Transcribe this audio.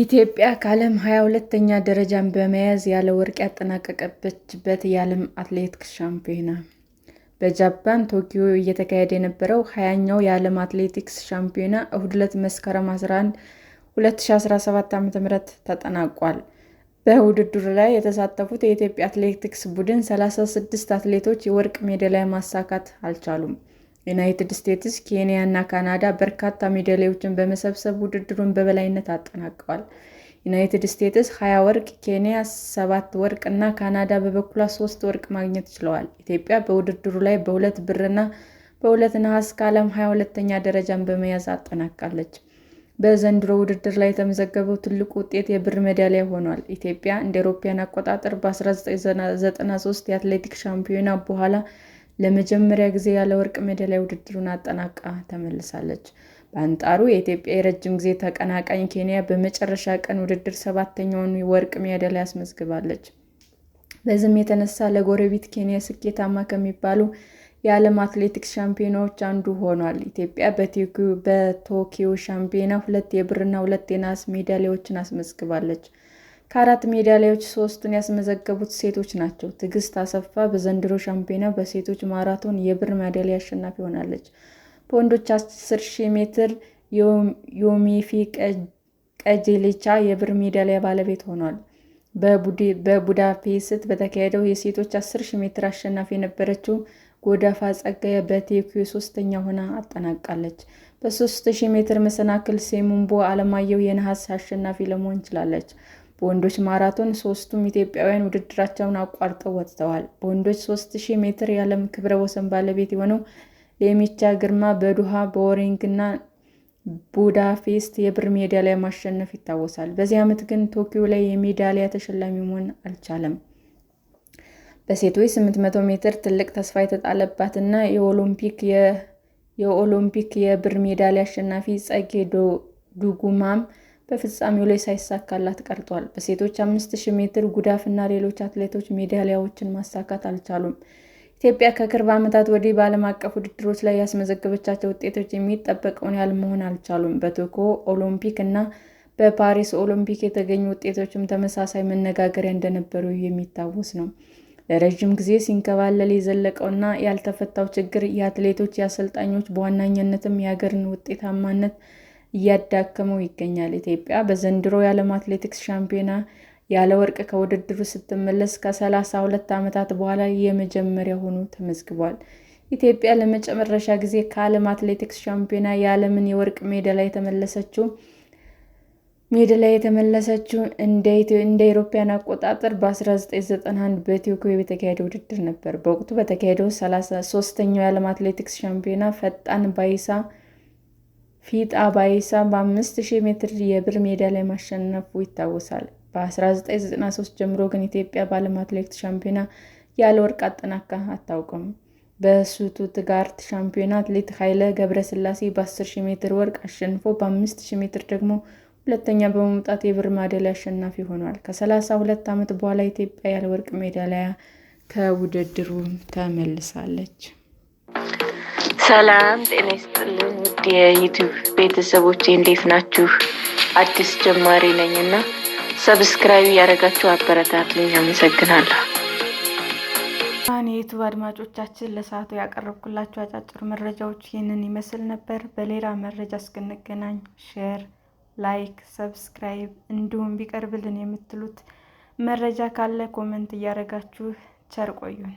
ኢትዮጵያ ከዓለም 22 ሁለተኛ ደረጃን በመያዝ ያለ ወርቅ ያጠናቀቀችበት የዓለም አትሌቲክስ ሻምፒዮና። በጃፓን ቶኪዮ እየተካሄደ የነበረው 20ኛው የዓለም አትሌቲክስ ሻምፒዮና እሁድ ዕለት መስከረም 11 2017 ዓ.ም ተጠናቋል። በውድድሩ ላይ የተሳተፉት የኢትዮጵያ አትሌቲክስ ቡድን 36 አትሌቶች የወርቅ ሜዳሊያ ማሳካት አልቻሉም። ዩናይትድ ስቴትስ፣ ኬንያ እና ካናዳ በርካታ ሜዳሊያዎችን በመሰብሰብ ውድድሩን በበላይነት አጠናቀዋል። ዩናይትድ ስቴትስ ሀያ ወርቅ፣ ኬንያ ሰባት ወርቅ እና ካናዳ በበኩሏ ሶስት ወርቅ ማግኘት ችለዋል። ኢትዮጵያ በውድድሩ ላይ በሁለት ብርና በሁለት ነሐስ ከዓለም ሀያ ሁለተኛ ደረጃን በመያዝ አጠናቃለች። በዘንድሮ ውድድር ላይ የተመዘገበው ትልቁ ውጤት የብር ሜዳሊያ ሆኗል። ኢትዮጵያ እንደ አውሮፓውያን አቆጣጠር በ1993 የአትሌቲክስ ሻምፒዮና በኋላ ለመጀመሪያ ጊዜ ያለ ወርቅ ሜዳሊያ ውድድሩን አጠናቃ ተመልሳለች። በአንጣሩ የኢትዮጵያ የረጅም ጊዜ ተቀናቃኝ ኬንያ በመጨረሻ ቀን ውድድር ሰባተኛውን ወርቅ ሜዳሊያ አስመዝግባለች። በዚህም የተነሳ ለጎረቤት ኬንያ ስኬታማ ከሚባሉ የዓለም አትሌቲክስ ሻምፒዮናዎች አንዱ ሆኗል። ኢትዮጵያ በቶኪዮ ሻምፒዮና ሁለት የብርና ሁለት የነሐስ ሜዳሊያዎችን አስመዝግባለች። ከአራት ሜዳሊያዎች ሶስቱን ያስመዘገቡት ሴቶች ናቸው። ትዕግስት አሰፋ በዘንድሮ ሻምፒዮና በሴቶች ማራቶን የብር ሜዳሊያ አሸናፊ ሆናለች። በወንዶች 100 ሺህ ሜትር ዮሚፍ ቀጀሌቻ የብር ሜዳሊያ ባለቤት ሆኗል። በቡዳፔስት በተካሄደው የሴቶች አስር ሺህ ሜትር አሸናፊ የነበረችው ጎዳፋ ጸጋየ በቴኩ ሶስተኛ ሆና አጠናቃለች። በ3000 ሜትር መሰናክል ሴሙምቦ አለማየሁ የነሐስ አሸናፊ ለመሆን ችላለች። በወንዶች ማራቶን ሦስቱም ኢትዮጵያውያን ውድድራቸውን አቋርጠው ወጥተዋል። በወንዶች 3000 ሜትር የዓለም ክብረ ወሰን ባለቤት የሆነው ሌሜቻ ግርማ በዱሃ በኦሪንግ እና ቡዳፔስት የብር ሜዳሊያ ማሸነፍ ይታወሳል። በዚህ ዓመት ግን ቶኪዮ ላይ የሜዳሊያ ተሸላሚ መሆን አልቻለም። በሴቶች 800 ሜትር ትልቅ ተስፋ የተጣለባትና የኦሎምፒክ የብር ሜዳሊያ አሸናፊ ጸጌ ዱጉማም በፍጻሜው ላይ ሳይሳካላት ቀርቷል። በሴቶች አምስት ሺህ ሜትር ጉዳፍ እና ሌሎች አትሌቶች ሜዳሊያዎችን ማሳካት አልቻሉም። ኢትዮጵያ ከቅርብ ዓመታት ወዲህ በዓለም አቀፍ ውድድሮች ላይ ያስመዘገበቻቸው ውጤቶች የሚጠበቀውን ያህል መሆን አልቻሉም። በቶኪዮ ኦሎምፒክ እና በፓሪስ ኦሎምፒክ የተገኙ ውጤቶችም ተመሳሳይ መነጋገሪያ እንደነበሩ የሚታወስ ነው። ለረዥም ጊዜ ሲንከባለል የዘለቀውና ያልተፈታው ችግር የአትሌቶች፣ የአሰልጣኞች በዋነኛነትም የሀገርን ውጤታማነት እያዳከመው ይገኛል። ኢትዮጵያ በዘንድሮ የዓለም አትሌቲክስ ሻምፒዮና ያለ ወርቅ ከውድድሩ ስትመለስ ከሰላሳ 32 ዓመታት በኋላ የመጀመሪያ ሆኖ ተመዝግቧል። ኢትዮጵያ ለመጨመረሻ ጊዜ ከዓለም አትሌቲክስ ሻምፒዮና የዓለምን የወርቅ ሜዳሊያ የተመለሰችው ላይ የተመለሰችው እንደ አውሮፓውያን አቆጣጠር በ1991 በቶኪዮ በተካሄደ ውድድር ነበር። በወቅቱ በተካሄደው ሶስተኛው የዓለም አትሌቲክስ ሻምፒዮና ፈጣን ባይሳ ፊት አባይሳ በ5000 ሜትር የብር ሜዳሊያ ማሸነፉ ይታወሳል። በ1993 ጀምሮ ግን ኢትዮጵያ በዓለም አትሌቲክስ ሻምፒዮና ያለ ወርቅ አጠናካ አታውቅም። በስቱትጋርት ሻምፒዮና አትሌት ኃይሌ ገብረሥላሴ በ10,000 ሜትር ወርቅ አሸንፎ በ5,000 ሜትር ደግሞ ሁለተኛ በመውጣት የብር ሜዳሊያ አሸናፊ ሆኗል። ከ32 ዓመት በኋላ ኢትዮጵያ ያለ ወርቅ ሜዳሊያ ከውድድሩ ተመልሳለች። ሰላም ጤና ይስጥልን ውድ የዩቲዩብ ቤተሰቦች እንዴት ናችሁ? አዲስ ጀማሪ ነኝ እና ሰብስክራይብ ያደረጋችሁ አበረታትልኝ። አመሰግናለሁ። አሁን የዩቱብ አድማጮቻችን ለሰዓቱ ያቀረብኩላችሁ አጫጭር መረጃዎች ይህንን ይመስል ነበር። በሌላ መረጃ እስክንገናኝ ሼር፣ ላይክ፣ ሰብስክራይብ እንዲሁም ቢቀርብልን የምትሉት መረጃ ካለ ኮመንት እያደረጋችሁ ቸር ቆዩን።